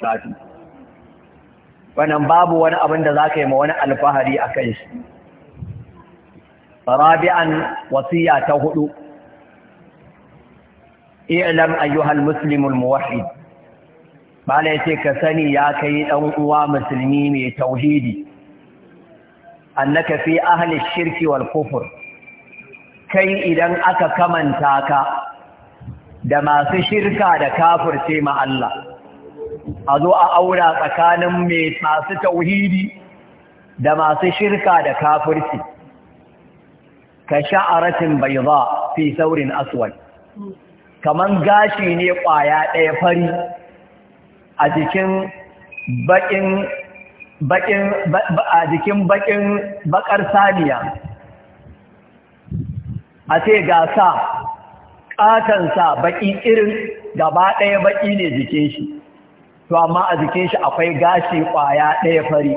lissafi wannan babu wani abin da za ka yi ma wani alfahari a kai shi rabi'an wasiya ta hudu i'lam ayyuhal muslimul muwahhid bala yace ka sani ya kai dan uwa musulmi mai tauhidi annaka fi ahli shirki wal kufur kai idan aka kamanta ka da masu shirka da kafirce ma Allah a zo a aura tsakanin mai masu tauhidi da masu shirka da kafirci ka sha'aratin bayza fi saurin aswal kaman gashi ne ƙwaya ɗaya fari a jikin baƙin baƙin a jikin baƙin baƙar saniya a ce ga sa ƙatansa baƙi irin gaba ɗaya baƙi ne jikin shi to amma a jikin shi akwai gashi kwaya ɗaya fari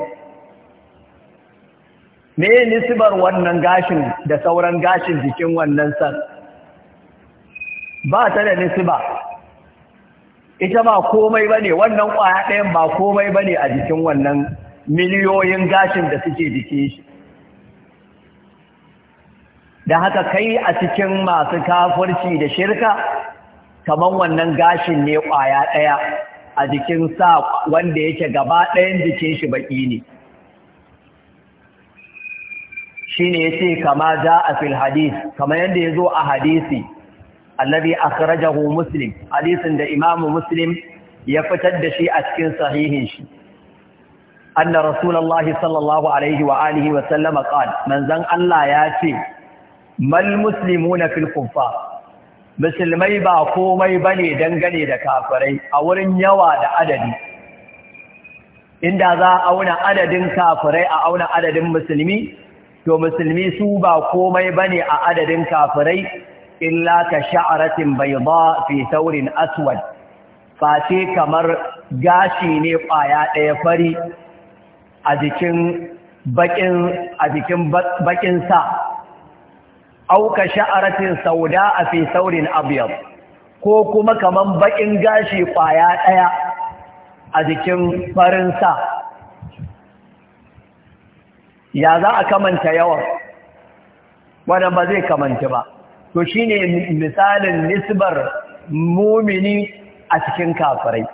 me ne nisibar wannan gashin da sauran gashin jikin wannan san ba ta da nisiba ita ba komai ba ne wannan kwaya ɗayan ba komai ba ne a jikin wannan miliyoyin gashin da suke jikin shi da haka kai a cikin masu kafurci da shirka kaman wannan gashin ne kwaya ɗaya a jikin sa wanda yake gaba ɗayan jikin shi baƙi ne shi ne ya ce kama za a fil hadis kama yadda ya zo a hadisi allabi akhrajahu muslim hadisin da imamu muslim ya fitar da shi a cikin sahihin shi anna rasulallah sallallahu alaihi wa alihi wa sallama qal manzon Allah ya ce mal muslimuna fil kuffar musulmai ba komai bane dangane da kafirai a wurin yawa da adadi inda za a auna adadin kafirai a auna adadin musulmi to musulmi su ba komai bane a adadin kafirai illa ka sha'aratin bayda fi saurin aswad face kamar gashi ne kwaya ɗaya fari a jikin bakin a jikin bakin sa auka sha'aratin sauda a fi saurin abiyar ko kuma kaman bakin gashi kwaya ɗaya a jikin farin sa ya za a kamanta yawa wannan ba zai kamanta ba to shi ne misalin nisbar mumini a cikin kafirai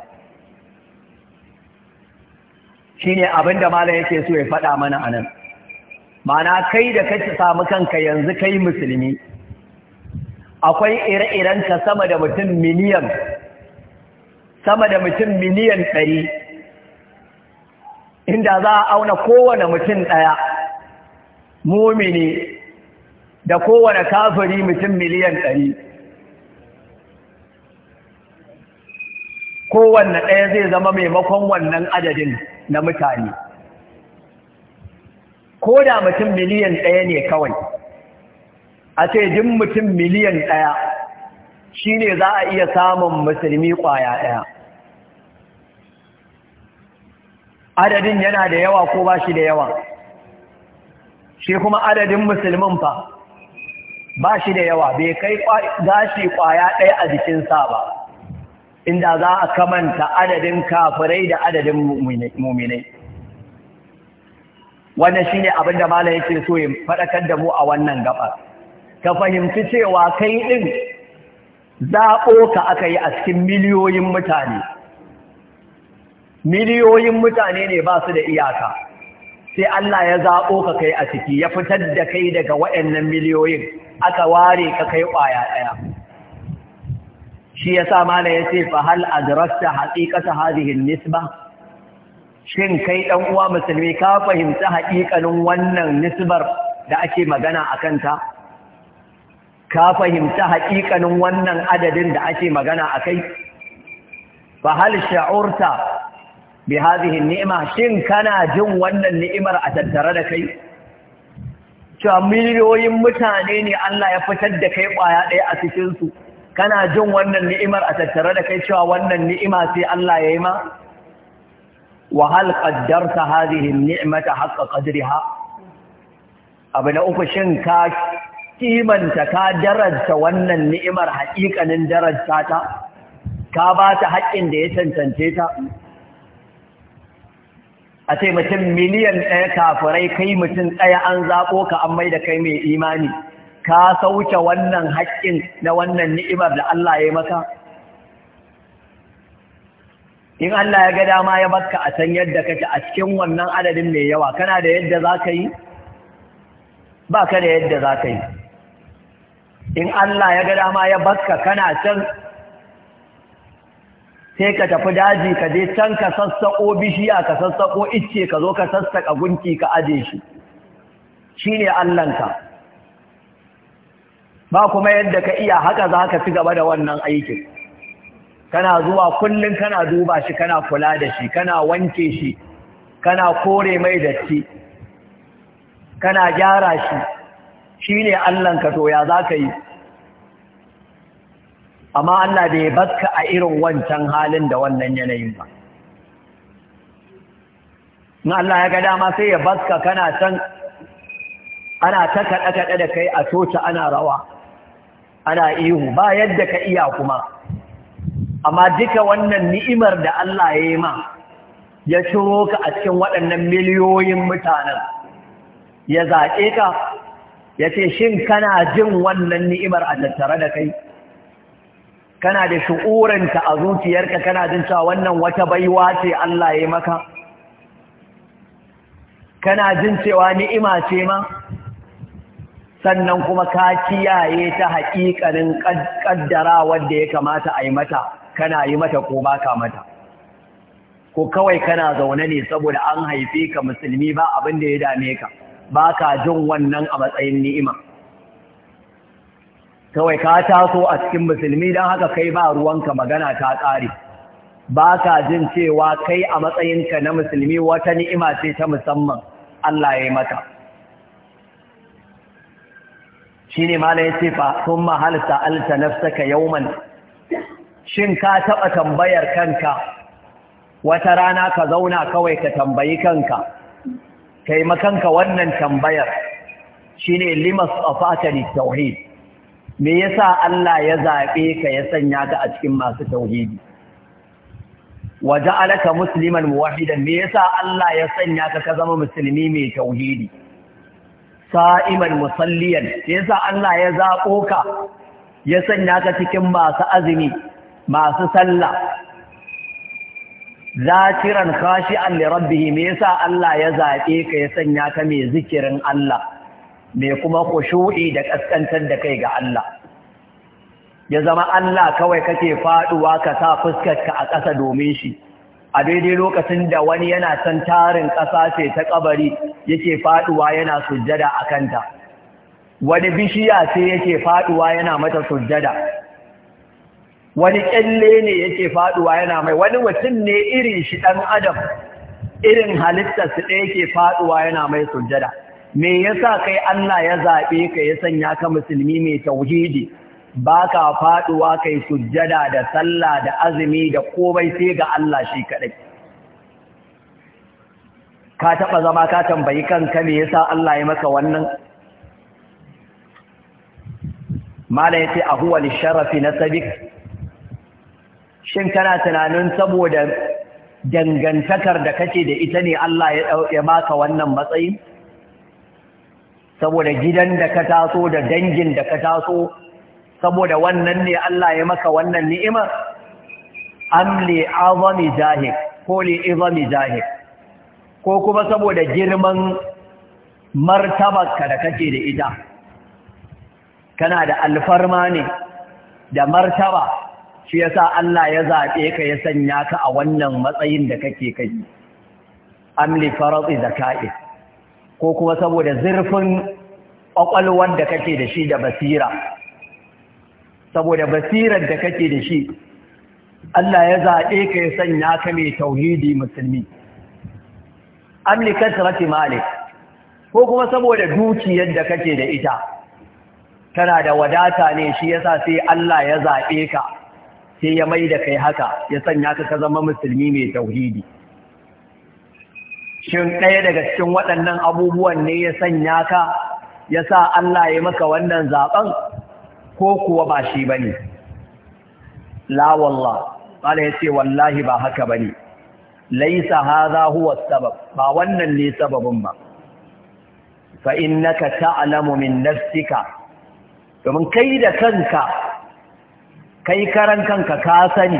shine abinda malam yake so ya faɗa mana a nan. mana kai da ka samu kanka yanzu kai musulmi akwai ire-iren ka sama da mutum miliyan sama da mutum miliyan ɗari inda za a auna kowane mutum ɗaya mumini da kowane kafiri mutum miliyan ɗari kowanne ɗaya zai zama maimakon wannan adadin na mutane ko da mutum miliyan ɗaya ne kawai a ce duk mutum miliyan ɗaya shi ne za a iya samun musulmi ƙwaya ɗaya adadin yana da yawa ko ba shi da yawa shi kuma adadin musulmin fa ba shi da yawa bai kai gashi ƙwaya ɗaya a jikinsa ba inda za a kamanta adadin kafirai da adadin muminai wannan ne abin da malam yake so ya faɗakar da mu a wannan gaba ka fahimci cewa kai ɗin zaɓo ka aka yi a cikin miliyoyin mutane miliyoyin mutane ne ba su da iyaka sai Allah ya zaɓo ka kai a ciki ya fitar da kai daga waɗannan miliyoyin aka ware ka kai ƙwaya ɗaya shi ya yasa malam ya ce fa hal adrasta haqiqata hadhihi nisba shin kai ɗan uwa musulmi ka fahimci haƙiƙanin wannan nisbar da ake magana a kanta ka fahimci haƙiƙanin wannan adadin da ake magana a kai Fahal hal sha'urta bi hazihin ni'ima shin kana jin wannan ni'imar a tattare da kai cewa miliyoyin mutane ne Allah ya fitar da kai ƙwaya ɗaya a cikinsu kana jin wannan ni'imar a tattare da kai cewa wannan ni'ima sai Allah ya yi ma وهل قدرت هذه النعمة حق قدرها أبنى أفشن كاش كيمن تكا درج تولى النعمة حقيقة أن درج تاتا كابات حق ديسا تنتيتا a ce mutum miliyan ɗaya kafirai kai mutum ɗaya an zaɓo ka an mai da kai mai imani ka sauke wannan haƙƙin na wannan ni'imar da Allah ya maka in Allah ya ga dama ya bakka a san yadda kake a cikin wannan adadin mai yawa kana da yadda za ka yi ba ka da yadda za ka yi in Allah ya ga dama ya bakka kana can sai ka tafi daji ka je can ka sassaƙo bishiya ka sassaƙo icce ka zo ka sassaƙa gunki ka aje shi shi ne Allahnka ba kuma yadda ka iya haka za ka ci gaba da wannan aikin kana zuwa kullum kana duba shi kana kula da shi kana wanke shi kana kore mai datti kana gyara shi shi ne Allahnka to ya za ka yi amma Allah bai batka a irin wancan halin da wannan yanayin ba in Allah ya ga dama sai ya barka kana can ana ta kaɗe-kaɗe da kai a coci ana rawa ana ihu ba yadda ka iya kuma amma duka wannan ni'imar da Allah ya yi ma ya shiro ka a cikin waɗannan miliyoyin mutanen ya zaɓe ka ya ce shin kana jin wannan ni'imar a tattare da kai kana da shu'urinta a zuciyarka kana jin cewa wannan wata baiwa ce Allah ya maka kana jin cewa ni'ima ce ma sannan kuma ka kiyaye ta haƙiƙanin ƙaddara wadda ya kamata a yi mata kana yi mata ko ba ka mata ko kawai kana zaune ne saboda an haife ka musulmi ba abin da ya dame ka ba ka jin wannan a matsayin ni'ima kawai ka taso a cikin musulmi don haka kai ba ruwanka magana ta ƙare ba ka jin cewa kai a matsayinka na musulmi wata ni'ima ce ta musamman Allah ya yi mata. shine ne ma ya ce mahalta alta nafsaka yawman shin ka taɓa tambayar kanka wata rana ka zauna kawai ka tambayi kanka taimakanka wannan tambayar shine limas afata tauhid me yasa Allah ya zaɓe ka ya sanya ka a cikin masu tauhidi waja'alaka musliman muwahhidan me yasa Allah ya sanya ka ka zama musulmi mai tauhidi sa'iman musalliyan me yasa Allah ya zaɓo ka ya sanya ka cikin masu azumi masu sallah zakiran khashi'an li rabbih me yasa Allah ya zabe ka ya sanya ka mai zikirin Allah mai kuma khushu'i da kaskantar da kai ga Allah ya zama Allah kawai kake faduwa ka sa ka a ƙasa domin shi a daidai lokacin da wani yana san tarin ƙasa ce ta kabari yake faduwa yana sujjada a kanta wani bishiya sai yake faduwa yana mata sujjada wani ƙyalle ne yake faduwa yana mai wani mutum ne irin shi ɗan adam irin halittar su ɗaya yake faɗuwa yana mai sujjada me yasa kai Allah ya zaɓe ka ya sanya ka musulmi mai tauhidi baka faɗuwa kai sujjada da sallah da azumi da komai sai ga Allah shi kaɗai? ka taɓa zama ka tambayi kanka me yasa Allah ya maka wannan mala yace ahuwa na sabik shin kana tunanin saboda dangantakar da kake da ita ne Allah ya maka wannan matsayin saboda gidan da ka taso da dangin da ka taso saboda wannan ne Allah ya maka wannan ni'imar am li azami zahir ko li izami zahir ko kuma saboda girman martabarka da kake da ita kana da alfarma ne da martaba shi yasa Allah ya zaɓe ka ya sanya ka a wannan matsayin da kake kai amli faradhi zaka'i ko kuma saboda zurfin kwakwalwar da kake da shi da basira saboda basirar da kake da shi Allah ya zaɓe ka ya sanya ka mai tauhidi musulmi amli kasrati malik ko kuma saboda dukiyar da kake da ita kana da wadata ne shi yasa sai Allah ya zaɓe ka sai ya mai da kai haka ya sanya ka zama musulmi mai tauhidi shin ɗaya daga cikin waɗannan abubuwan ne ya sanya ka ya sa Allah ya maka wannan zaɓen ko kuwa ba shi ba ne Lawalla, wallah ya ce wallahi ba haka ba ne laisa haza huwa sabab ba wannan ne sababin ba fa innaka ta'lamu min nafsika domin kai da kanka kai karan kanka ka sani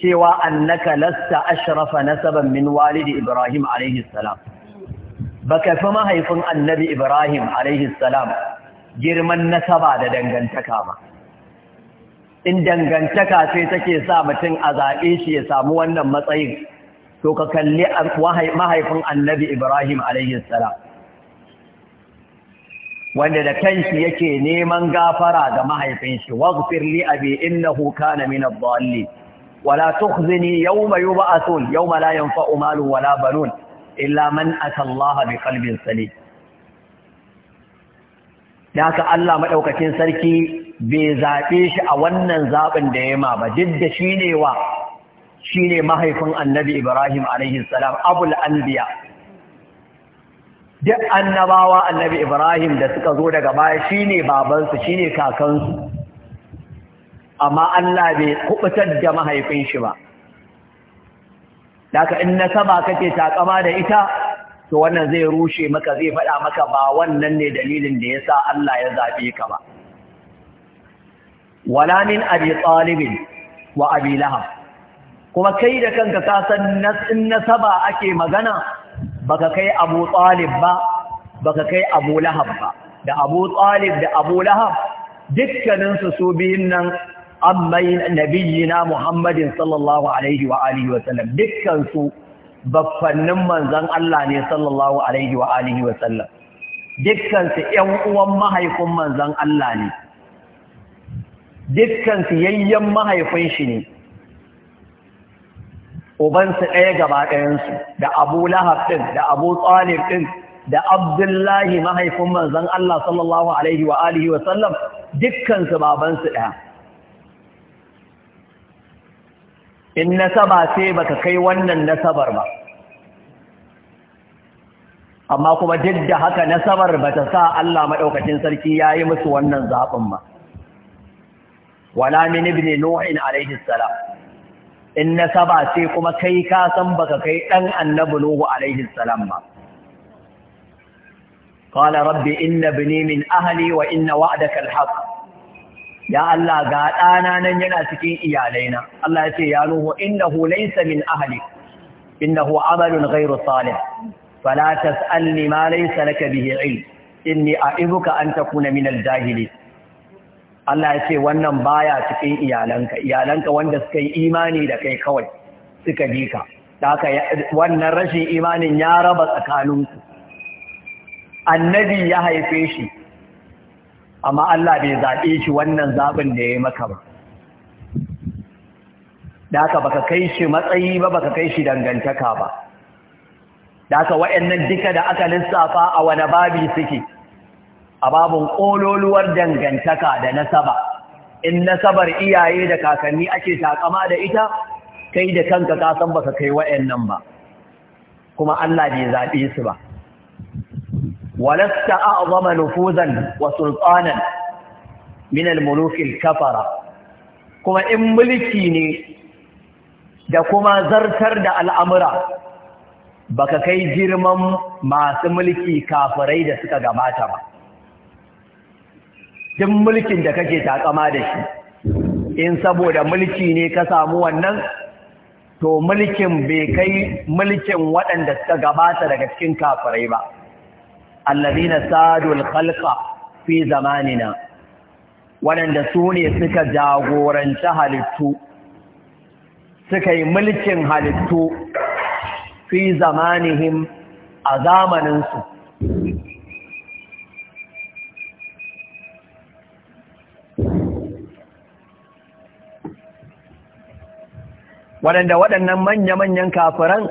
cewa annaka lasta ashrafa nasaban min walidi Ibrahim alaihi salam baka fi mahaifin annabi Ibrahim alaihi salam girman nasaba da dangantaka ba in dangantaka sai take sa mutum a zaɓe shi ya samu wannan matsayin to ka kalli mahaifin annabi Ibrahim alaihi salam wanda da kanshi yake neman gafara ga mahaifin shi waghfir li abi innahu kana min ad-dallin wala tukhzini yawma yub'athun yawma la yanfa'u malun wala banun illa man ata Allah bi qalbin salim ka Allah madaukakin sarki bai zabe shi a wannan zaben da yema ba duk da shine wa shine mahaifin Annabi Ibrahim alaihi salam abul anbiya duk annabawa annabi Ibrahim da suka zo daga baya shine babansu shine kakansu amma Allah bai kubutar da mahaifin shi ba daga in nasaba kake takama da ita to wannan zai rushe maka zai faɗa maka ba wannan ne dalilin da yasa Allah ya zabe ka ba wala min abi talib wa abi lahab kuma kai da kanka ka san in nasaba ake magana baka kai abu talib ba baka kai abu lahab ba da abu talib da abu lahab dukkaninsu su biyun nan an bai nabiyina muhammadin sallallahu alaihi wa alihi wa sallam dukkansu baffannin manzan Allah ne sallallahu alaihi wa alihi wa sallam dukkansu ƴan uwan mahaifin manzan Allah ne dukkansu yayyan mahaifin shi ne ubansu ɗaya gaba ɗayansu da abu lahab ɗin da abu tsalib ɗin da abdullahi mahaifin manzan Allah sallallahu alaihi wa alihi wa sallam dukkansu babansu ɗaya in nasaba sai baka kai wannan nasabar ba amma kuma duk da haka nasabar bata sa Allah maɗaukacin sarki ya yi musu wannan zaɓin ba wala min ibn nuhin alaihi salam in na saba ce kuma kai ka san baka kai ɗan annabi Nuhu alaihi salam ba. Kala rabbi inna bini min ahali wa inna wa'adaka alhaq. Ya Allah ga ɗana nan yana cikin iyalaina. Allah ya ce ya Nuhu innahu laysa min ahli innahu amalun ghairu salih. Fala tas'alni ma laysa laka bihi ilm. Inni a'ibuka an takuna min al-jahilin. Allah ya ce wannan baya cikin iyalanka iyalanka wanda suka yi imani da kai kawai suka ji ka haka wannan rashin imanin ya raba tsakaninku annabi ya haife shi amma Allah bai zaɓe shi wannan zaɓin da ya maka ba haka baka kai shi matsayi ba baka kai shi dangantaka ba haka waɗannan duka da aka lissafa a wani babi suke a babin ƙololuwar dangantaka da nasaba in nasabar iyaye da kakanni ake takama da ita kai da kanka ka san baka kai wa'annan ba kuma Allah bai zabe su ba walasta a'zama nufuzan wa sultanan min al-muluk kafara kuma in mulki ne da kuma zartar da al'amura baka kai girman masu mulki kafirai da suka gabata ba duk mulkin da kake takama da shi in saboda mulki ne ka samu wannan to mulkin bai kai mulkin waɗanda suka gabata daga cikin kafirai ba allazina sadul khalqa fi zamanina waɗanda su ne suka jagoranci halittu suka yi mulkin halittu fi zamanihim a zamaninsu waɗanda waɗannan manya-manyan kafiran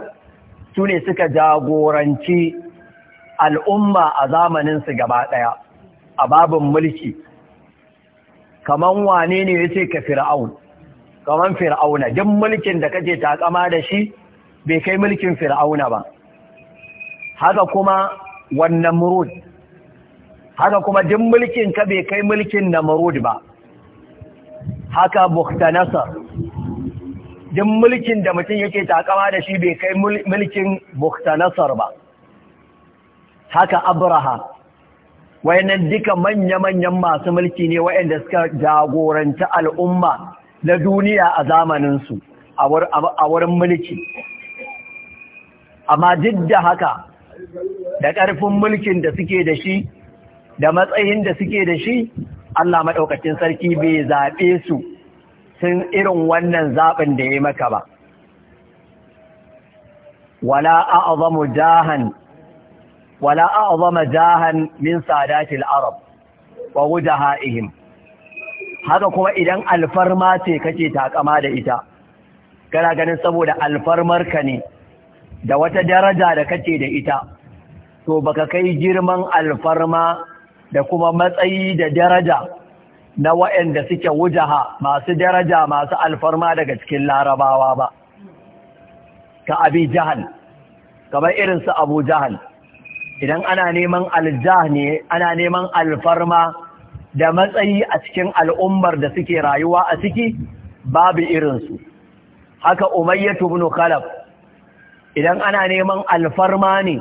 su ne suka jagoranci al'umma a zamaninsu gaba ɗaya a babin mulki kaman wane ne ya ce ka fir'aun kaman fir'auna duk mulkin da kake takama da shi bai kai mulkin fir'auna ba haka kuma wannan murud haka kuma duk mulkin ka bai kai mulkin na murud ba haka bukhtanasar duk mulkin da mutum yake takama da shi bai kai mulkin Buktanasar ba haka Abraha wayannan duka manya-manyan masu mulki ne wayanda suka jagoranta al'umma na duniya a zamaninsu a wurin mulki amma duk da haka da ƙarfin mulkin da suke da shi da matsayin da suke da shi Allah maɗaukacin sarki bai zaɓe su sun irin wannan zaɓin da ya maka ba wala a'zamu jahan wala a'zama jahan min sadatil arab wa ha'ihim? haka kuma idan alfarma ce kake takama da ita kana ganin saboda alfarmarka ne da wata daraja da kake da ita to baka kai girman alfarma da kuma matsayi da daraja na waɗanda suke wujaha masu daraja masu alfarma daga cikin larabawa ba ka abi jahal kamar irinsu abu jahal idan ana neman aljah ne ana neman alfarma da matsayi a cikin al'ummar da suke rayuwa a ciki babu irinsu haka umayyatu bin khalaf idan ana neman alfarma ne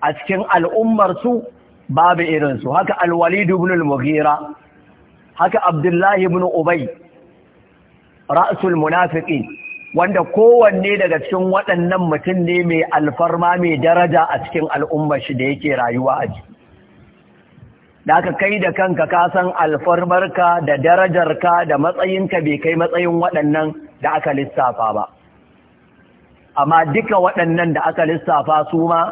a cikin al'ummar su babu irinsu haka alwalidu bin al-mughira haka abdullahi ibn ubay ra'sul munafiqi wanda kowanne daga cikin waɗannan mutum ne mai alfarma mai daraja a cikin al'umma shi da yake rayuwa a ji da aka kai da kanka ka san alfarmarka da darajarka da matsayinka bai kai matsayin waɗannan da aka lissafa ba amma duka waɗannan da aka lissafa su ma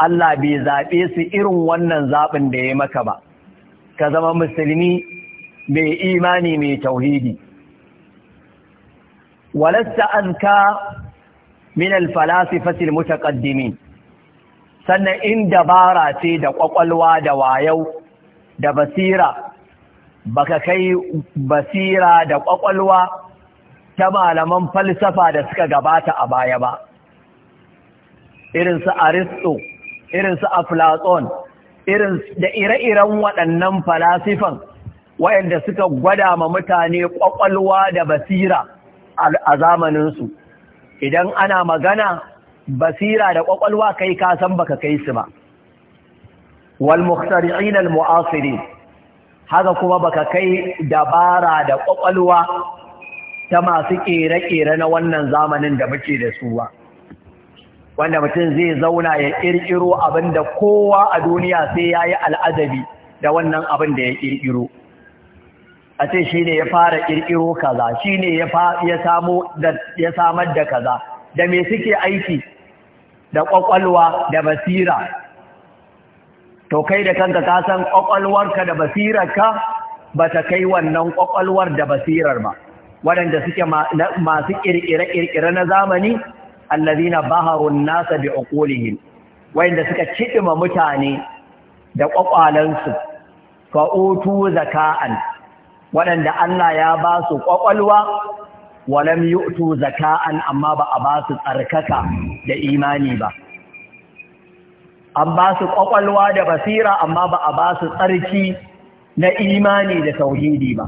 Allah bai zaɓe su irin wannan zaɓin da ya maka ba ka zama musulmi mai imani mai tauhidi walasta anka min alfalasifati almutaqaddimin sannan in dabara ce da kwakwalwa da wayau da basira baka kai basira da kwakwalwa ta malaman falsafa da suka gabata a baya ba Irinsu aristo irinsu aflaton irin da ire-iren waɗannan falasifan wayanda suka gwada ma mutane kwakwalwa da basira a zamaninsu idan ana magana basira da kwakwalwa kai ka san baka kai su ba wal mukhtari'in al mu'asirin haka kuma baka kai dabara da kwakwalwa ta masu kere-kere na wannan zamanin da muke da su ba wanda mutum zai zauna ya kirkiro abin da kowa a duniya sai ya yi al'adabi da wannan abin da ya kirkiro a ce shi ne ya fara ƙirƙiro kaza shi ne ya samar da kaza da me suke aiki da ƙwaƙwalwa da basira to kai da kanka ka san ƙwaƙwalwarka da basirarka ba ta kai wannan ƙwaƙwalwar da basirar ba waɗanda suke masu ƙirƙire-ƙirƙire na zamani allazina baharun nasa bi uqulihim waɗanda suka cidima mutane da ƙwaƙwalansu fa utu zaka'an waɗanda Allah ya ba su ƙwaƙwalwa walam yu'tu zaka'an amma ba a ba su tsarkaka da imani ba an ba su ƙwaƙwalwa da basira amma ba a ba su tsarki na imani da tauhidi ba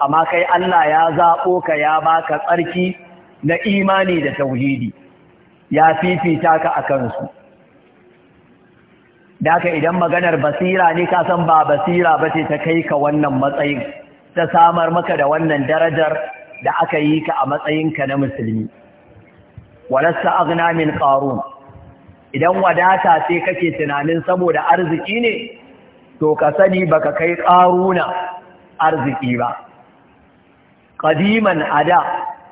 amma kai Allah ya zaɓo ka ya baka tsarki na imani da tauhidi ya fifita ka a kansu daka idan maganar basira ne ka san ba basira ba ce ta kai ka wannan matsayin ta samar maka da wannan darajar da aka yi ka a matsayinka na musulmi walasta agna min idan wadata ce kake tunanin saboda arziki ne to ka sani baka kai ƙaruna arziki ba Ƙadiman a da,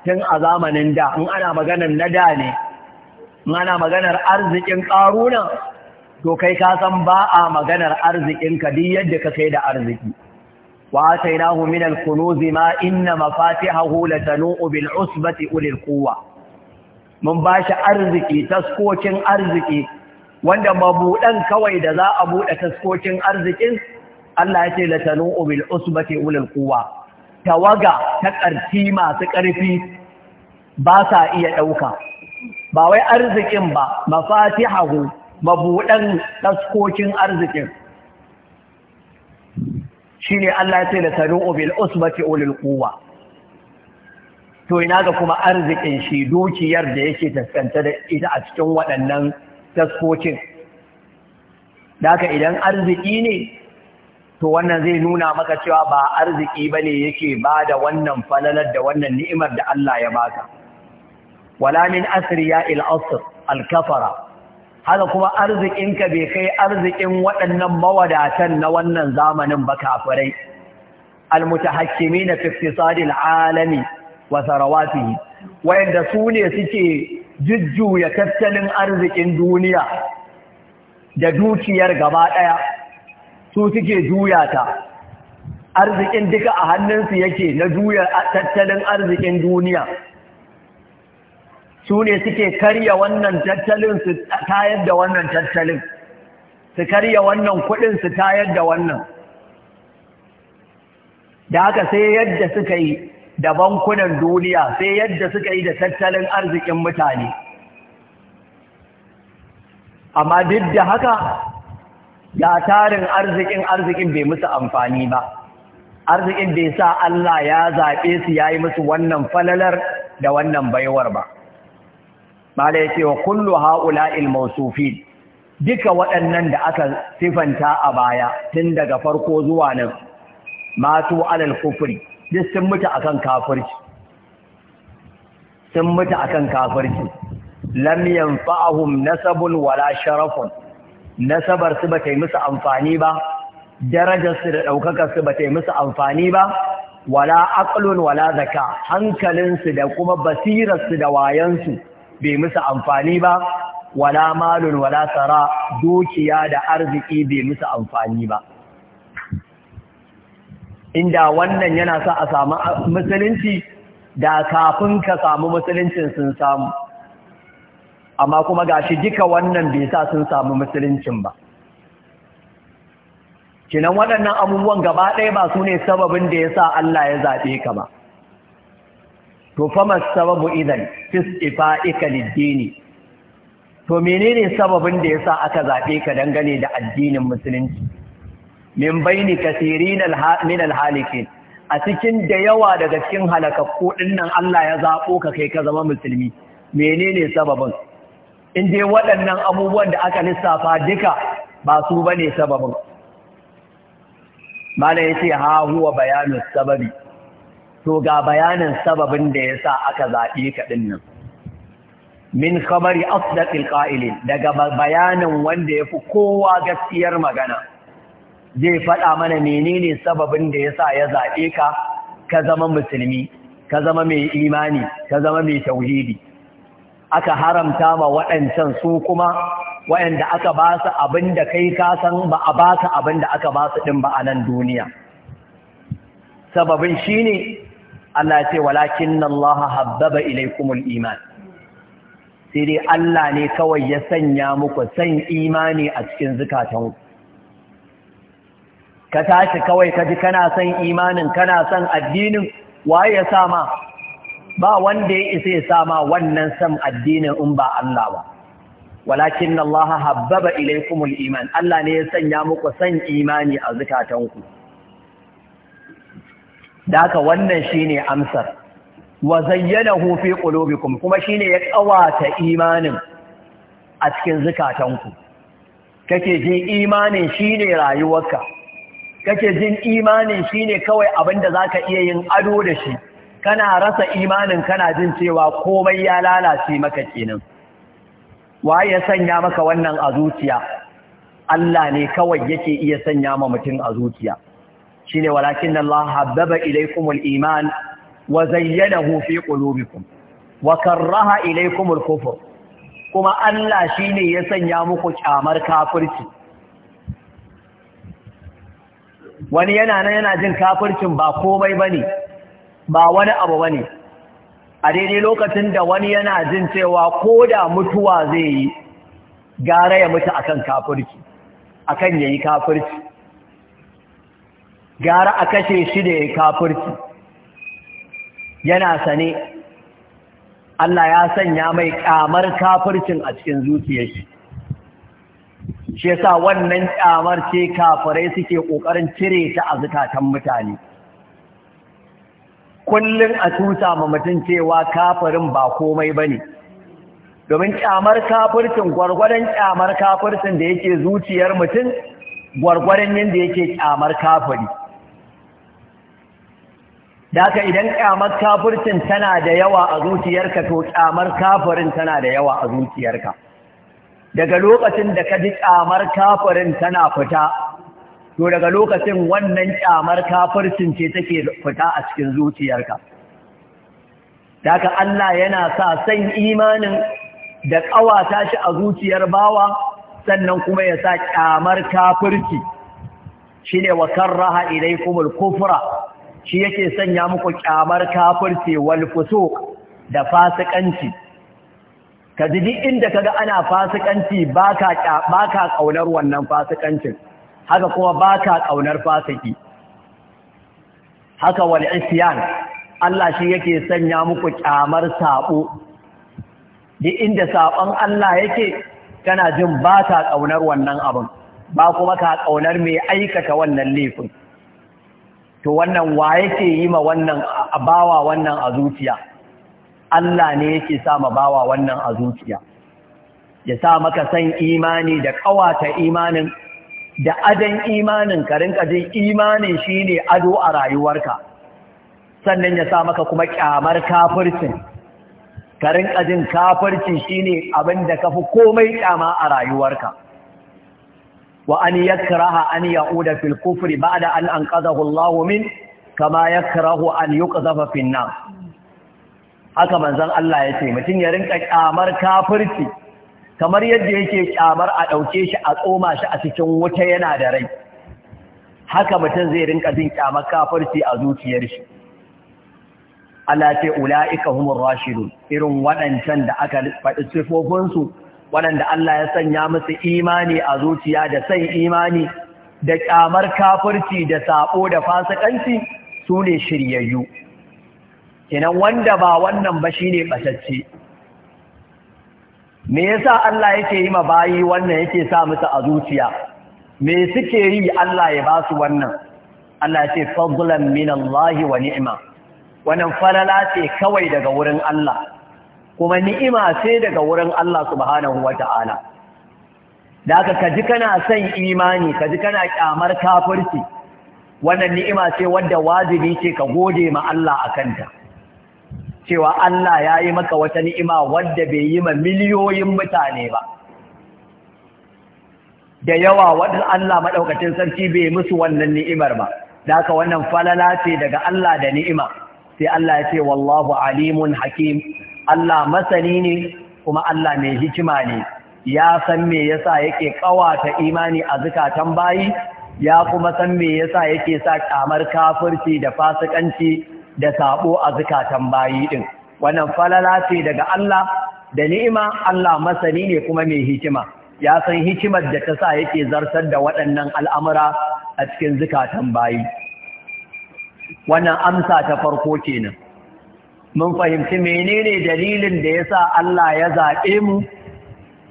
tun a zamanin da in ana maganar na da ne in ana maganar arzikin ƙaruna? to kai ka san ba a maganar arzikinka duk yadda ka kai da arziki wa atainahu min al-kunuz ma inna mafatihahu latanu'u bil usbati ulil quwwa mun bashi arziki taskocin arziki wanda mabudan kawai da za a bude taskocin arzikin Allah ya ce latanu'u bil usbati ulil quwwa tawaga ta ƙarfi masu ƙarfi ba sa iya ɗauka ba wai arzikin ba mafatihahu mabuɗan taskokin arzikin shine Allah ya ce da sanu'u bil usbati ulil quwwa to ina ga kuma arzikin shi dukiyar da yake taskanta da ita a cikin waɗannan taskokin daka idan arziki ne to wannan zai nuna maka cewa ba arziki bane yake da wannan falalar da wannan ni'imar da Allah ya baka wala min asriya il asr al kafara haka kuma arzikinka bai kai arzikin waɗannan mawadatan na wannan zamanin ba kafirai almutahakkimin na iqtisadil alami wa sarawatihi wayanda su ne suke jujjuya tattalin arzikin duniya da dukiyar gaba ɗaya su suke juya ta arzikin duka a hannunsu yake na juya tattalin arzikin duniya su ne suke karya wannan tattalin su tayar da wannan tattalin su karya wannan kuɗin su tayar da wannan da haka sai yadda suka yi da bankunan duniya sai yadda suka yi da tattalin arzikin mutane amma duk da haka ga tarin arzikin arzikin bai musu amfani ba arzikin bai sa Allah ya zaɓe su ya yi musu wannan falalar da wannan baiwar ba mala yace wa kullu ha'ula mawsufin duka waɗannan da aka sifanta a baya tun daga farko zuwa nan matu alal kufuri, duk sun mutu kan kafirci sun mutu kan kafirci lam fa'ahun nasabun wala sharafun nasabar su ba ta yi musu amfani ba darajar su da ɗaukakar su ba ta yi musu amfani ba wala aqlun wala zaka hankalinsu da kuma basirarsu da wayansu bai musu amfani ba wala malun wala tsara dukiya da arziki bai musu amfani ba inda wannan yana sa a samu musulunci da kafin ka samu musuluncin sun samu amma kuma gashi duka wannan bai sa sun samu musuluncin ba kinan waɗannan abubuwan gaba ɗaya ba su ne sababin da ya Allah ya zaɓe ka ba to fama sababu idan istifa'ika lid-dini to menene sababin da yasa aka zabe ka dangane da addinin musulunci min baini kasirin min al a cikin da yawa daga cikin halakakku dinnan Allah ya zabo ka kai ka zama musulmi menene sababin in dai waɗannan abubuwan da aka lissafa duka ba su bane sababin mala yace ha huwa bayanu sababi to ga bayanin sababin da ya sa aka zaɓe ka ɗinnan. Min khabari asdaqil qa'ilin daga bayanin wanda ya fi kowa gaskiyar magana. Zai faɗa mana menene sababin da ya sa ya zaɓe ka, ka zama musulmi, ka zama mai imani, ka zama mai tauhidi. Aka haramta ma waɗancan su kuma waɗanda aka ba su abin da kai ka san ba a ba ka abin da aka ba su ɗin ba a nan duniya. Sababin shi ne Allah ya ce walakin Allah habbaba ilaykumul iman sai dai Allah ne kawai ya sanya muku san imani a cikin zukatanku ka tashi kawai ka ji kana son imanin kana son addinin waye ya sama ba wanda ya isa ya sama wannan san addinin in ba Allah ba walakin Allah habbaba ilaikumul iman Allah ne ya sanya muku san imani a zukatanku da haka wannan shine amsar wa zayyana hufi ƙulobikun kuma shi ne ya ƙawata imanin a cikin zukatanku kake jin imanin shi ne rayuwarka kake jin imanin shi ne kawai abin abinda ka iya yin ado da shi kana rasa imanin kana jin cewa komai ya lalace maka kenan waye ya sanya maka wannan a zuciya Allah ne kawai yake iya sanya ma mutum a zuciya Shi ne walakin Allah habbaba ilaikumul iman wa zayyanahu fi qulubikum wa karraha ilaykum kufr kuma Allah shi ne ya sanya muku kyamar kafirci wani yana nan yana jin kafircin ba komai bane ba wani abu bane a daidai lokacin da wani yana jin cewa ko da mutuwa zai yi gara ya mutu akan kafirci akan yayi kafirci gara a kashe shi da ya kafirci yana sane Allah ya sanya mai ƙyamar kafircin a cikin zuciyar shi shi yasa wannan kamar ce kafirai suke ƙoƙarin cire ta a zukatan mutane kullum a tuta ma mutum cewa kafirin ba komai bane domin kamar kafircin gwargwadon kamar kafircin da yake zuciyar mutum gwargwadon yadda yake kyamar kafiri da haka idan kyamar kafircin tana da yawa a zuciyarka to kyamar kafirin tana da yawa a zuciyarka daga lokacin da ka ji kyamar kafirin tana fita to daga lokacin wannan kyamar kafircin ce take fita a cikin zuciyarka da haka Allah yana sa san imanin da ƙawata shi a zuciyar bawa sannan kuma ya sa kyamar kafirci shine wa karraha ilaikumul kufra shi yake sanya muku kyamar kafirce wal fusuq da fasikanci ka ji duk inda kaga ana fasikanci baka baka kaunar wannan fasikancin haka kuma baka kaunar fasiki haka wal isyan Allah shi yake sanya muku kyamar sabo duk inda sabon Allah yake kana jin baka kaunar wannan abin ba kuma ka kaunar mai aikata wannan laifin to wannan wa yake yi ma wannan bawa wannan a zuciya Allah ne yake sa ma bawa wannan a zuciya ya sa maka san imani da ƙawata imanin da adan imanin ka rinka jin imanin shine ado a rayuwarka sannan ya sa maka kuma kyamar kafircin ka rinka jin kafirci shine abin da kafi komai kyama a rayuwarka wa an yakraha an ya'uda fil kufri ba'da an anqadahu Allah min kama yakrahu an yuqzafa fin haka manzon Allah yace mutun ya rinka kyamar kafirci kamar yadda yake kyamar a dauke shi a tsoma shi a cikin wuta yana da rai haka mutum zai rinka jin kyamar kafirci a zuciyar shi Allah ce ula'ika humur rashidun irin waɗancan da aka faɗi sifofinsu waɗanda Allah ya sanya musu imani a zuciya da san imani da ƙyamar kafirci da saɓo da fasikanci su ne shiryayyu kenan wanda ba wannan ba shine ɓasacce. me yasa Allah yake yi ma bayi wannan yake sa musu a zuciya me suke yi Allah ya ba su wannan Allah ya ce fadlan min wa ni'ima wannan falala ce kawai daga wurin Allah kuma ni'ima sai daga wurin Allah subhanahu wata'ala da aka kaji kana son imani kaji kana kyamar kafirci wannan ni'ima ce wadda wajibi ce ka gode ma Allah a kanta cewa Allah ya yi maka wata ni'ima wadda bai yi ma miliyoyin mutane ba da yawa wadda Allah maɗaukacin sarki bai musu wannan ni'imar ba da ka wannan falala ce daga Allah da ni'ima sai Allah ya ce wallahu alimun hakim Allah masani ne kuma Allah mai hikima ne ya san me yasa yake kawata imani a zukatan bayi ya kuma san me yasa yake sa kamar kafirci da fasikanci da sabo a zukatan bayi din wannan falala ce daga Allah da ni'ima Allah masani ne kuma mai hikima ya san hikimar da ta sa yake zartar da waɗannan al'amura a cikin zukatan bayi wannan amsa ta farko kenan mun fahimci menene dalilin da ya sa Allah ya zaɓe mu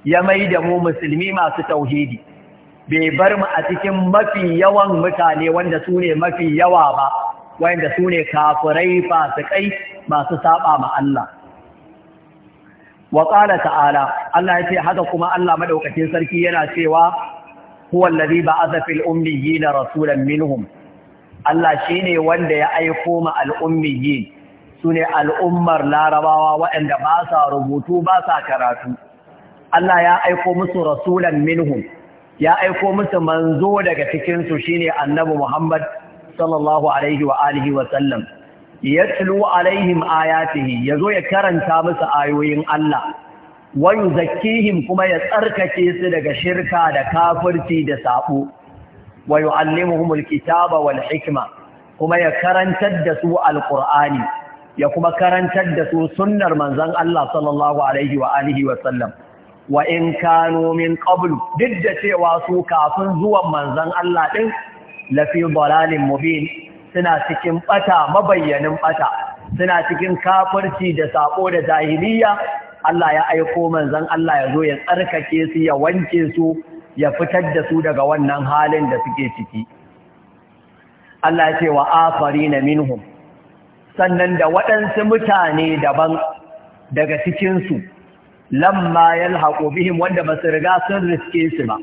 ya mai da mu musulmi masu tauhidi bai bar mu a cikin mafi yawan mutane wanda su ne mafi yawa ba wanda su ne kafirai fasikai masu saba ma Allah wa ta'ala Allah ya ce haka kuma Allah maɗaukacin sarki yana cewa huwa allazi ba'atha fil ummiyina rasulan minhum Allah shine wanda ya aiko ma al-ummiyina su ne al'ummar larabawa waɗanda ba sa rubutu ba sa karatu Allah ya aiko musu rasulan minhum ya aiko musu manzo daga cikinsu shine annabi Muhammad sallallahu alaihi wa alihi wa sallam yatlu alaihim ayatihi zo ya karanta musu ayoyin Allah wa yuzakkihim kuma ya tsarkake su daga shirka da kafirci da saɓo wa yuallimuhumul kitaba wal hikima. kuma ya karantar da su alqur'ani ya kuma karantar da su sunnar manzon Allah sallallahu alaihi wa alihi wa wa in min duk da cewa su kafin zuwan manzon Allah ɗin, lafi dalalin mubin suna cikin ɓata mabayyanin ɓata, suna cikin kafirci da saƙo da jahiliya Allah ya aiko manzon Allah ya zo ya tsarkake su ya wanke su ya fitar da su daga wannan halin da suke ciki Allah ya ce wa na minhum sannan da waɗansu mutane daban daga cikinsu lamma haƙo bihim wanda ba su riga sun riske su ba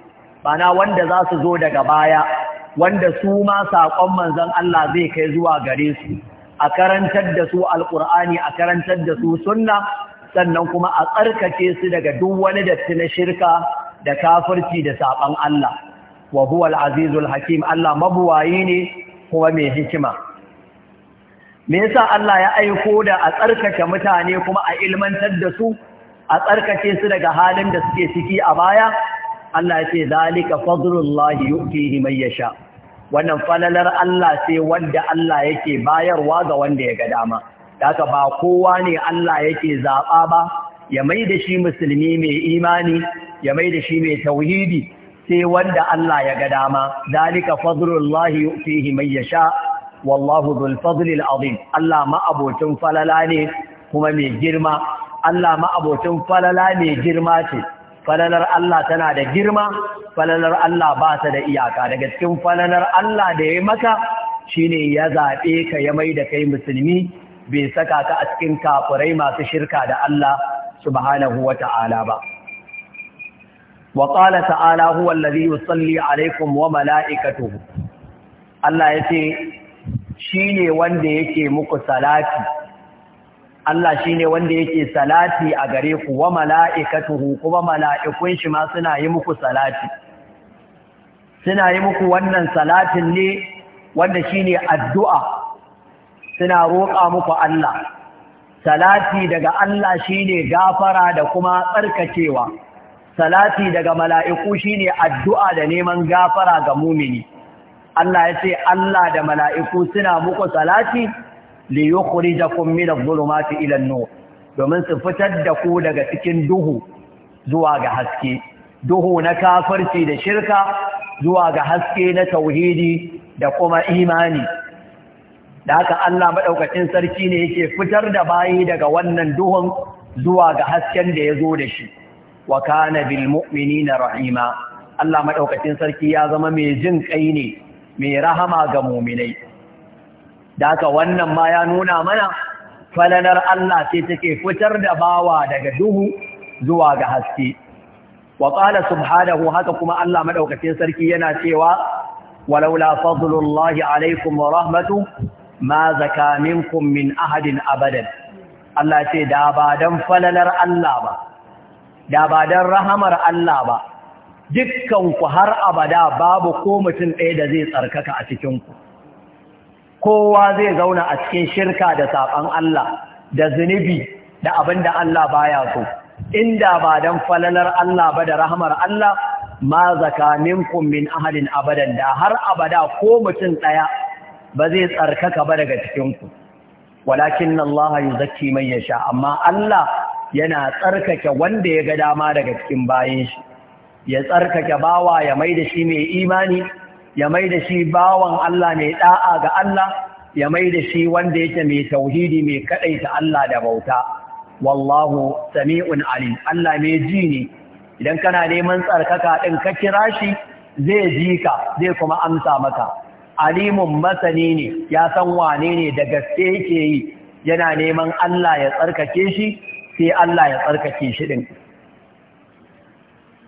bana wanda za su zo daga baya wanda su ma saƙon manzon Allah zai kai zuwa gare su a karantar da su alƙur'ani a karantar da su sunna sannan kuma a tsarkake su daga duk wani datti na shirka da kafirci da saƙon Allah wa huwa azizul hakim Allah mabuwayi ne kuma mai hikima me yasa Allah ya aiko da a tsarkake mutane kuma a ilmantar da su a tsarkake su daga halin da suke ciki a baya Allah ya ce zalika fadlullah yu'tihi man yasha wannan falalar Allah sai wanda Allah yake bayarwa ga wanda ya ga dama haka ba kowa ne Allah yake zaba ba ya mai da shi musulmi mai imani ya mai da shi mai tauhidi sai wanda Allah ya ga dama zalika fadlullah yu'tihi man yasha wallahu dhul fadli azim Allah ma abocin falala ne kuma mai girma Allah ma abocin falala mai girma ce falalar Allah tana da girma falalar Allah ba ta da iyaka daga cikin falalar Allah da ya maka shine ya zaɓe ka ya mai da kai musulmi bai saka ka a cikin kafirai masu shirka da Allah subhanahu wa ta'ala ba wa qala ta'ala huwa allazi alaikum wa mala'ikatu. Allah ce. shine wanda yake muku salati Allah shine wanda yake salati a gare ku wa mala'ikatuhu kuma mala'ikun shi ma suna yi muku salati suna yi muku wannan salatin ne wanda shine addu'a suna roƙa muku Allah salati daga Allah shine gafara da kuma tsarkacewa. salati daga mala'iku shine addu'a da neman gafara ga mumini Allah ya ce Allah da mala'iku suna muku salati li yukhrijakum min adh nur domin su fitar da ku daga cikin duhu zuwa ga haske duhu na kafirci da shirka zuwa ga haske na tauhidi da kuma imani da haka Allah maɗaukacin sarki ne yake fitar da bayi daga wannan duhun zuwa ga hasken da ya zo da shi wa kana bil rahima Allah maɗaukacin sarki ya zama mai jin ƙai ne mai rahama ga muminai da wannan ma ya nuna mana falalar Allah ce take fitar da bawa daga duhu zuwa ga haske wa ƙala subhanahu haka kuma Allah maɗaukacin sarki yana cewa walaula fadlullahi alaikum wa rahmatu ma zaka minkum min ahadin abadan Allah ce da ba dan falalar Allah ba da ba don rahamar Allah ba dukkanku har abada babu ko mutum ɗaya da zai tsarkaka a cikinku kowa zai zauna a cikin shirka da saɓan Allah da zunubi da abinda Allah baya so inda ba don falalar Allah ba da rahamar Allah ma zakaninkum min ahadin abadan da har abada ko mutum ɗaya ba zai tsarkaka ba daga cikinku walakin Allah yuzakki man yasha amma Allah yana tsarkake wanda ya ga dama daga cikin bayin shi ya tsarkake bawa ya mai da shi mai imani ya mai da shi bawan Allah mai da'a ga Allah ya mai da shi wanda yake mai tauhidi mai kadaita Allah da bauta wallahu sami'un alim Allah mai ji ne idan kana neman tsarkaka din ka kira shi zai ji ka zai kuma amsa maka alimun masani ne ya san wane ne da gaske yake yi yana neman Allah ya tsarkake shi sai Allah ya tsarkake shi din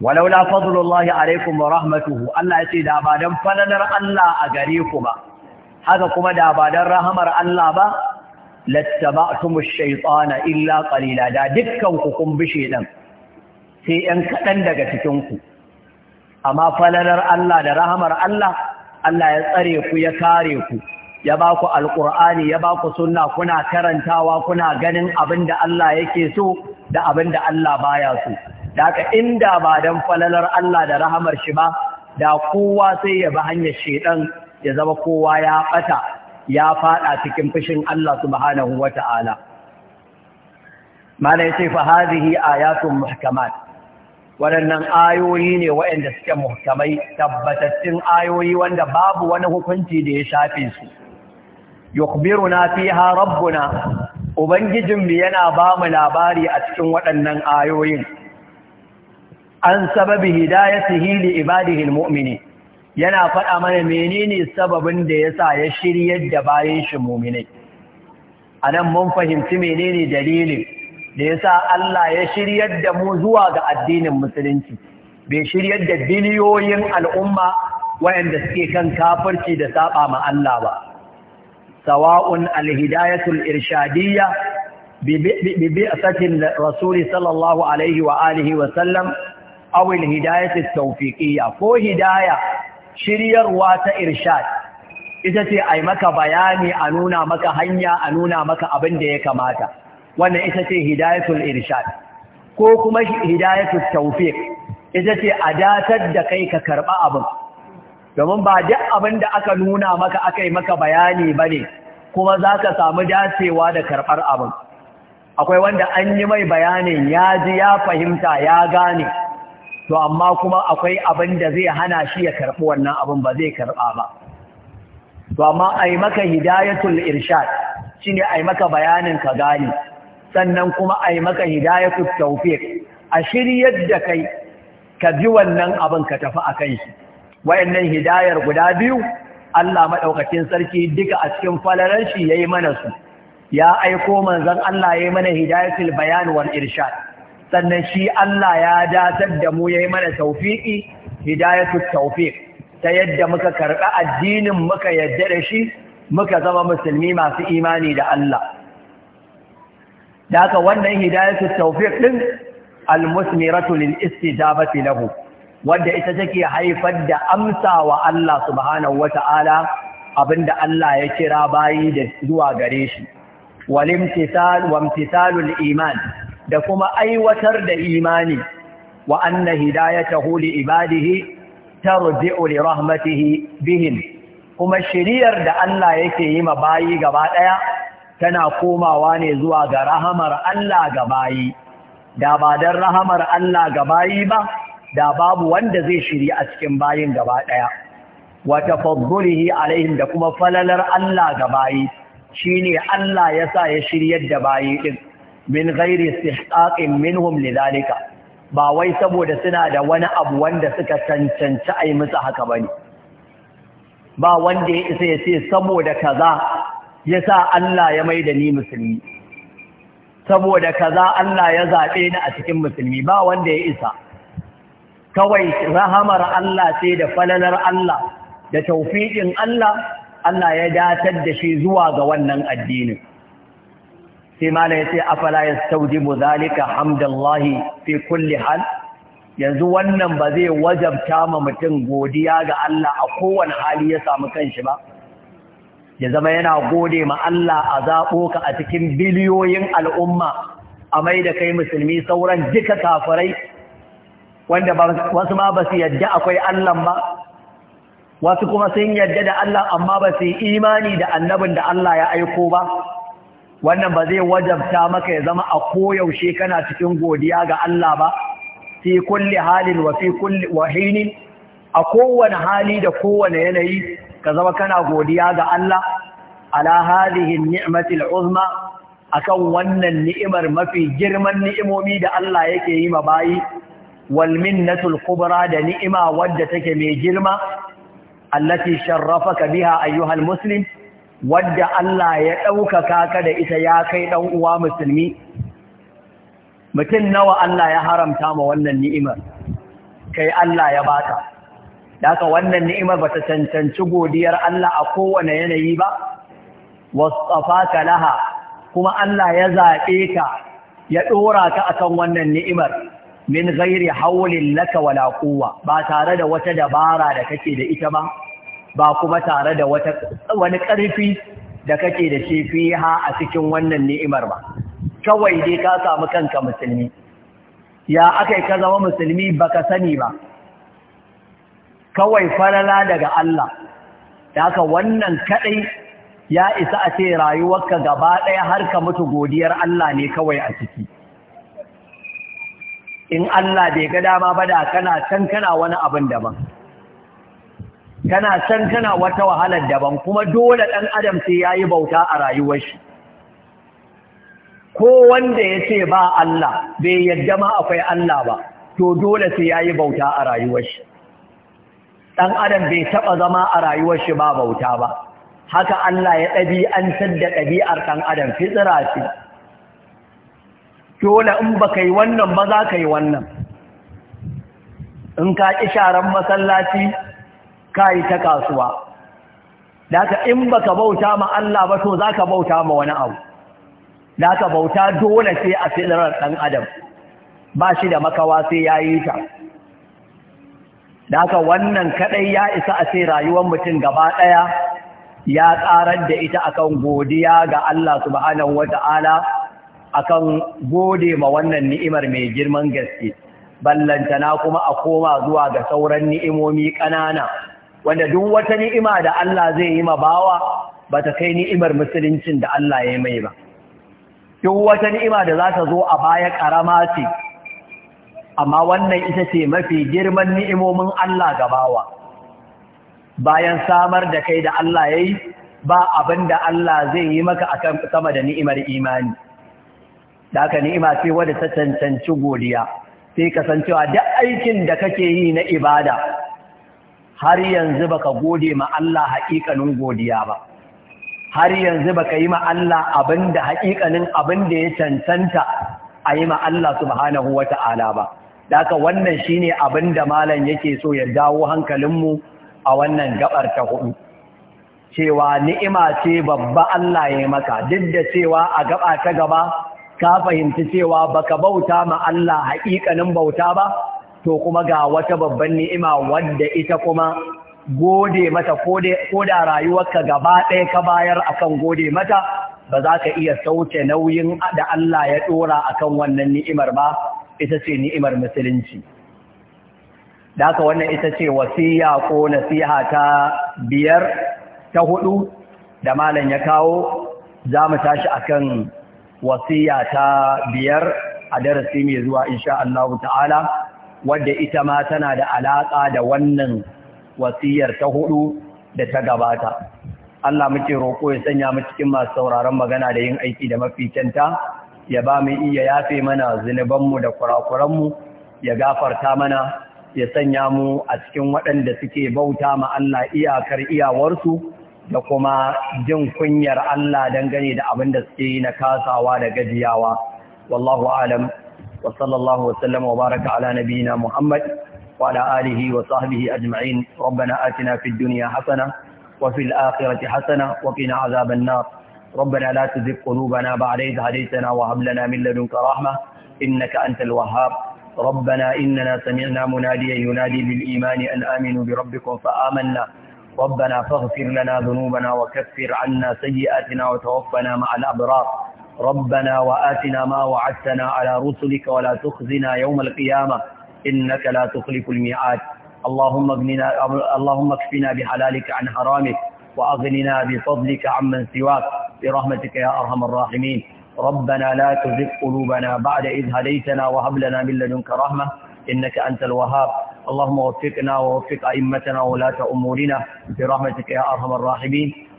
walaula fadlullahi alaikum wa rahmatuhu Allah ya ce da ba dan falalar Allah a gare ku ba haka kuma da ba dan rahamar Allah ba lattaba'tum ash-shaytana illa qalila da dukkan ku kun bi shedan sai yan kadan daga cikin ku amma falalar Allah da rahamar Allah Allah ya tsare ku ya kare ku ya ba ku alqur'ani ya ba ku sunna kuna karantawa kuna ganin abinda Allah yake so da abinda Allah baya so da inda ba don falalar Allah da rahamar shi ba da kowa sai ya bi hanyar shedan ya zama kowa ya bata ya faɗa cikin fushin Allah subhanahu wata'ala malai sai fa a ayatun muhkamat waɗannan ayoyi ne waɗanda suke muhkamai tabbatattun ayoyi wanda babu wani hukunci da ya shafe su yukhbiruna fiha rabbuna ubangijinmu yana ba mu labari a cikin waɗannan ayoyin an sababi hidayatihi li ibadihi almu'mini yana faɗa mana menene sababin da yasa ya shiryar da bayin shi mu'minai anan mun fahimci menene dalilin da yasa Allah ya shiryar da mu zuwa ga addinin musulunci bai shiryar da biliyoyin al'umma wayanda suke kan kafirci da saba ma Allah ba sawa'un alhidayatul irshadiyya bi bi'satin rasuli sallallahu alaihi wa alihi wa sallam awil hidayati tawfiqiyya ko hidaya shiryarwa ta irshad ita ce ai maka bayani a nuna maka hanya a nuna maka abin da ya kamata wannan ita ce hidayatul irshad ko kuma hidayatul tawfiq ita ce a datar da kai ka karba abin domin ba duk abin da aka nuna maka aka maka bayani bane kuma zaka samu dacewa da karbar abin akwai wanda an yi mai bayanin ya ji ya fahimta ya gane to amma kuma akwai abin da zai hana shi ya karɓi wannan abin ba zai karɓa ba to amma a yi maka hidayatul irshad shine a yi maka bayanin ka gani sannan kuma a yi maka hidayatul tawfiq a shiryar da kai ka ji wannan abin ka tafi a kai shi wayannan hidayar guda biyu Allah maɗaukacin sarki duka a cikin falalar shi yayi mana su ya aiko manzon Allah ya yi mana hidayatul bayan wal irshad sannan shi Allah ya datar da mu ya yi mana taufiƙi hidayatu tawfiq ta yadda muka karɓi addinin muka yadda da shi muka zama musulmi masu imani da Allah da haka wannan hidayatu tawfiq din almusmiratu lil istijabati lahu wanda ita take haifar da amsa wa Allah subhanahu wata'ala abinda Allah ya kira bayi da zuwa gare shi walimtisal wamtisalul iman da kuma aiwatar da imani wa anna hidayatahu huli ibadihi tarji'u li rahmatihi bihim kuma shiriyar da Allah yake yi ma bayi gaba daya tana komawa ne zuwa ga rahamar Allah ga bayi da ba dan rahamar Allah ga bayi ba da babu wanda zai shiri a cikin bayin gaba daya wa tafaddulihi alaihim da kuma falalar Allah ga bayi shine Allah yasa ya shiryar da bayi din min ghairi istihqaqin minhum lidhalika ba wai saboda suna da wani abu wanda suka cancanci ai musu haka bane ba wanda ya isa ya ce saboda kaza yasa Allah ya maida ni musulmi saboda kaza Allah ya zabe ni a cikin musulmi ba wanda ya isa kawai rahamar Allah sai da falalar Allah da taufiƙin Allah Allah ya datar da shi zuwa ga wannan addinin sai mala ya ce afala ya saudi mu zalika hamdallahi fi kulli hal yanzu wannan ba zai wajabta ma mutum godiya ga Allah a kowane hali ya samu kanshi ba ya zama yana gode ma Allah a zaɓo ka a cikin biliyoyin al'umma a mai da kai musulmi sauran duka kafirai wanda wasu ma ba su yadda akwai Allah ba wasu kuma sun yadda da Allah amma ba su yi imani da annabin da Allah ya aiko ba wannan ba zai wajabta maka ya zama a koyaushe kana cikin godiya ga Allah ba fi kulli halin wa fi kulli wahini a kowane hali da kowane yanayi ka zama kana godiya ga Allah ala hadhihi ni'matil uzma akan wannan ni'imar mafi girman ni'imomi da Allah yake yi ma bayi wal minnatul kubra da ni'ima wadda take mai girma allati sharrafaka biha ayyuhal muslim wadda Allah ya ɗaukaka ka da ita ya kai ɗan uwa musulmi mutum nawa Allah ya haramta ma wannan ni'imar kai Allah ya baka daga wannan ni'imar bata cancanci godiyar Allah a kowane yanayi ba wasafaka laha kuma Allah ya zaɓe ka ya ɗora ka kan wannan ni'imar min gairi haulin laka wala kowa. ba tare da wata dabara da kake da ita ba ba kuma tare da wani ƙarfi da kake da shi ha a cikin wannan ni'imar ba kawai dai ka samu kanka musulmi ya aka yi ka zama musulmi ba ka sani ba kawai farala daga Allah da aka wannan kaɗai ya isa a ce rayuwarka gaba ɗaya har ka mutu godiyar Allah ne kawai a ciki in Allah bai ga dama ba da kana can kana wani abin daban kana san kana wata wahalar daban kuma dole ɗan adam sai ya yi bauta a rayuwar shi ko wanda ya ce ba Allah bai yadda ma akwai Allah ba to dole sai ya yi bauta a rayuwar shi ɗan adam bai taɓa zama a rayuwar shi ba bauta ba haka Allah ya ɗabi'antar da ɗabi'ar ɗan adam fitsira ce dole in baka yi wannan ba za ka yi wannan in ka ƙi sharan masallaci kai ta kasuwa Da ka in baka bauta ma Allah ba to zaka bauta ma wani abu Da ka bauta dole sai a fidrar dan adam ba shi da makawa sai yayi ta Da ka wannan kadai ya isa a sai rayuwar mutum gaba daya ya tsarar da ita akan godiya ga Allah subhanahu wata'ala akan gode ma wannan ni'imar mai girman gaske ballantana kuma a koma zuwa ga sauran ni'imomi ƙanana wanda duk wata ni'ima da Allah zai yi ma bawa ba ta kai ni'imar musuluncin da Allah ya mai ba duk wata ni'ima da za ta zo a baya karama ce amma wannan ita ce mafi girman ni'imomin Allah ga bawa bayan samar da kai da Allah ya yi ba abin da Allah zai yi maka akan sama da ni'imar imani da aka ni'ima sai wadda ta cancanci godiya sai kasancewa duk aikin da kake yi na ibada har yanzu baka gode ma Allah haƙiƙanin godiya ba har yanzu baka yi ma Allah abinda haƙiƙanin abinda ya cancanta a yi ma Allah subhanahu ta'ala ba daka wannan shine da malam yake so ya dawo hankalinmu a wannan gabar ta hudu cewa ni'ima ce babba Allah ya maka duk da cewa a gaɓa ta gaba ka fahimci cewa baka bauta ma Allah haƙiƙanin bauta ba to kuma ga wata babban ni'ima wadda ita kuma gode mata ko da rayuwarka gaba ɗaya ka bayar akan gode mata ba za ka iya sauke nauyin da Allah ya ɗora akan wannan ni'imar ba ita ce ni'imar musulunci da haka wannan ita ce wasiya ko nasiha ta biyar ta hudu da malam ya kawo za mu tashi akan wasiya ta biyar a darasi mai zuwa insha Allah ta'ala wadda ita ma tana da alaƙa da wannan wasiyar ta hudu da ta gabata. Allah muke roƙo ya sanya mu cikin masu sauraron magana da yin aiki da mafi ya ba mu iya yafe mana zunubanmu da kurakuranmu, ya gafarta mana, ya sanya mu a cikin waɗanda suke bauta ma Allah iyakar iyawarsu da kuma jin kunyar Allah dangane da abin da suke yi na kasawa da gajiyawa. Wallahu alam. وصلى الله وسلم وبارك على نبينا محمد وعلى آله وصحبه أجمعين ربنا آتنا في الدنيا حسنة وفي الآخرة حسنة وقنا عذاب النار ربنا لا تزغ قلوبنا بعد إذ هديتنا وهب لنا من لدنك رحمة إنك أنت الوهاب ربنا إننا سمعنا مناديا ينادي للإيمان أن آمنوا بربكم فآمنا ربنا فاغفر لنا ذنوبنا وكفر عنا سيئاتنا وتوفنا مع الأبرار ربنا وآتنا ما وعدتنا على رسلك ولا تخزنا يوم القيامة إنك لا تخلف الميعاد اللهم اغننا اللهم اكفنا بحلالك عن حرامك واغننا بفضلك عمن سواك برحمتك يا ارحم الراحمين ربنا لا تزغ قلوبنا بعد إذ هديتنا وهب لنا من لدنك رحمة إنك أنت الوهاب اللهم وفقنا ووفق أئمتنا وولاة أمورنا برحمتك يا أرحم الراحمين